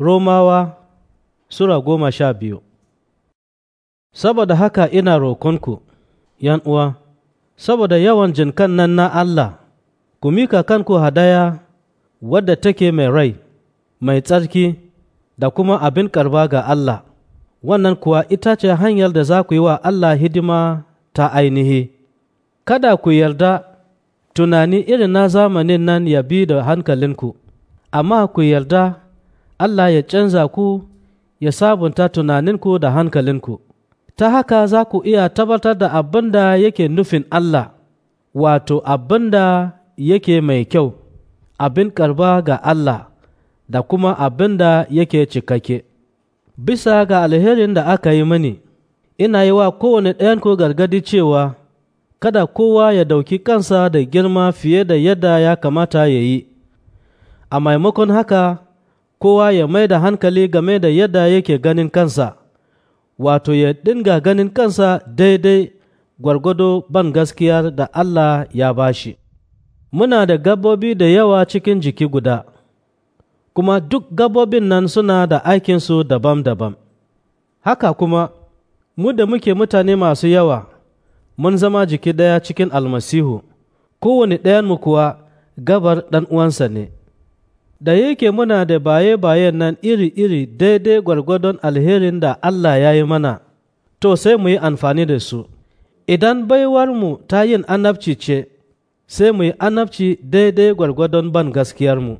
Romawa Sura goma sha biyu Saboda haka ina roƙonku, uwa, saboda yawan jinkan nan na Allah, ku mika kanku hadaya wadda take mai rai, mai tsarki da kuma abin karba ga Allah, wannan kuwa ita ce hanyar da za ku yi wa Allah hidima ta ainihi. Kada ku yarda tunani irin na zamanin nan ya bi da hankalinku, amma ku yarda Allah ya canza ku ya sabunta tunaninku da hankalinku, ta haka za ku iya tabbatar da abin da yake nufin Allah, wato abin da yake mai kyau, abin karba ga Allah da kuma abin da yake cikakke. Bisa ga alherin da aka yi mani, ina yi wa kowane ɗayanku gargadi cewa, kada kowa ya ɗauki kansa da girma fiye da yadda ya kamata ya yi, a maimakon haka, kowa ya mai da hankali game da yadda yake ganin kansa wato ya dinga ganin kansa daidai gwargwado ban gaskiya da Allah ya bashi muna da gabobi da yawa cikin jiki guda kuma duk gabobin nan suna da aikinsu daban-daban haka kuma mu da muke mutane masu yawa mun zama jiki ɗaya cikin almasihu kowane ɗayan mu kuwa gabar ɗan uwansa ne da yake muna da baye-bayen nan iri-iri daidai gwargwadon alherin da Allah ya yi mana, to sai mu yi amfani da su. Idan baiwarmu ta yin anabci ce, sai mu yi anabci daidai gwargwadon ban gaskiyar mu.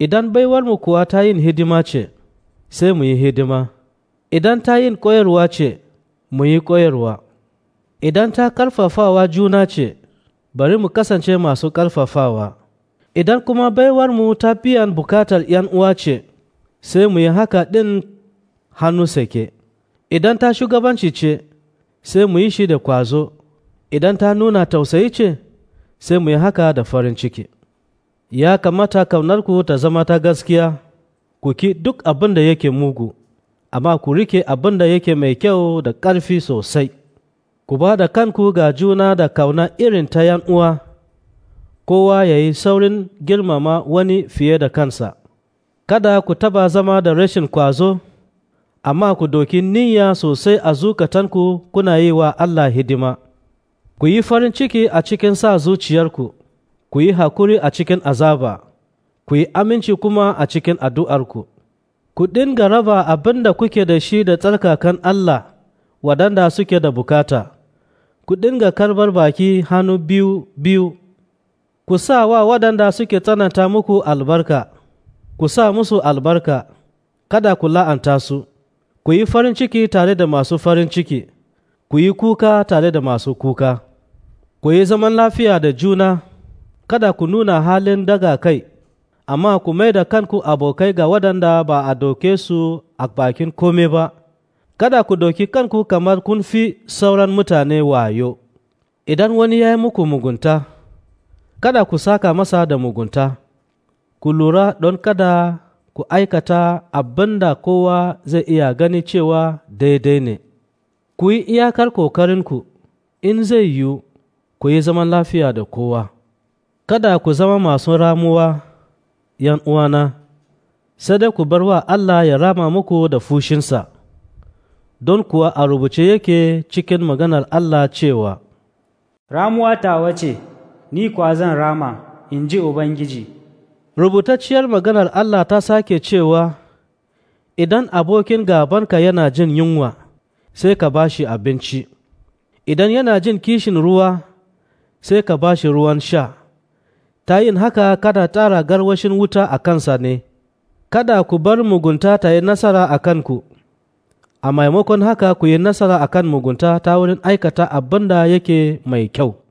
Idan baiwarmu kuwa ta yin hidima ce, sai mu yi hidima. Idan ta yin koyarwa ce, mu yi koyarwa. Idan ta ƙarfafawa juna ce, bari mu kasance masu ƙarfafawa. idan kuma baiwar mu ta biyan bukatar uwa ce sai mu yi haka ɗin hannu sake idan ta shugabanci ce sai mu yi shi da kwazo idan ta nuna tausayi ce sai mu yi haka da farin ciki ya kamata kaunarku ta zama ta gaskiya ku ki duk abin da yake mugu amma ku rike abin da yake mai kyau da ƙarfi sosai ku ba da kanku ga juna da kauna irin ta 'yan uwa kowa ya yi saurin girmama wani fiye da kansa. Kada ku taba zama da rashin kwazo, amma ku doki niyya sosai a zukatanku kuna yi wa Allah hidima. Ku yi farin ciki a cikin sa zuciyarku, ku yi hakuri a cikin azaba, ku yi aminci kuma a cikin addu'arku. Ku dinga raba abin da kuke da shi da tsarkakan Allah waɗanda suke da bukata, ku dinga karbar baki hannu biyu biyu. ku sa wa waɗanda suke tsananta muku albarka ku sa musu albarka kada ku la'anta su ku yi farin ciki tare da masu farin ciki ku yi kuka tare da masu kuka ku yi zaman lafiya da juna kada ku nuna halin daga kai amma ku mai da kanku abokai ga waɗanda ba a doke su a bakin kome ba kada ku doki kanku kamar kun fi sauran mutane wayo idan wani ya yi muku mugunta kada ku saka masa da mugunta, ku lura don kada ku aikata abin da kowa zai iya gani cewa daidai ne, ku yi iyakar ƙoƙarinku in zai yiwu ku yi zaman lafiya da kowa, kada ku zama masu ramuwa ‘yan uwana, sai dai ku bar wa Allah ya rama muku da fushinsa, don kuwa a rubuce yake cikin maganar Allah cewa, Ramuwa tawa ce. ni kuwa zan rama in ji Ubangiji. Rubutacciyar maganar Allah ta sake cewa, Idan abokin gabanka yana jin yunwa, sai ka ba shi abinci, idan yana jin kishin ruwa, sai ka ba shi ruwan sha, ta yin haka kada tara garwashin wuta a kansa ne, kada ku bar mugunta ta yi nasara a kanku, a maimakon haka ku yi nasara a kan mugunta ta wurin aikata abin da yake mai kyau.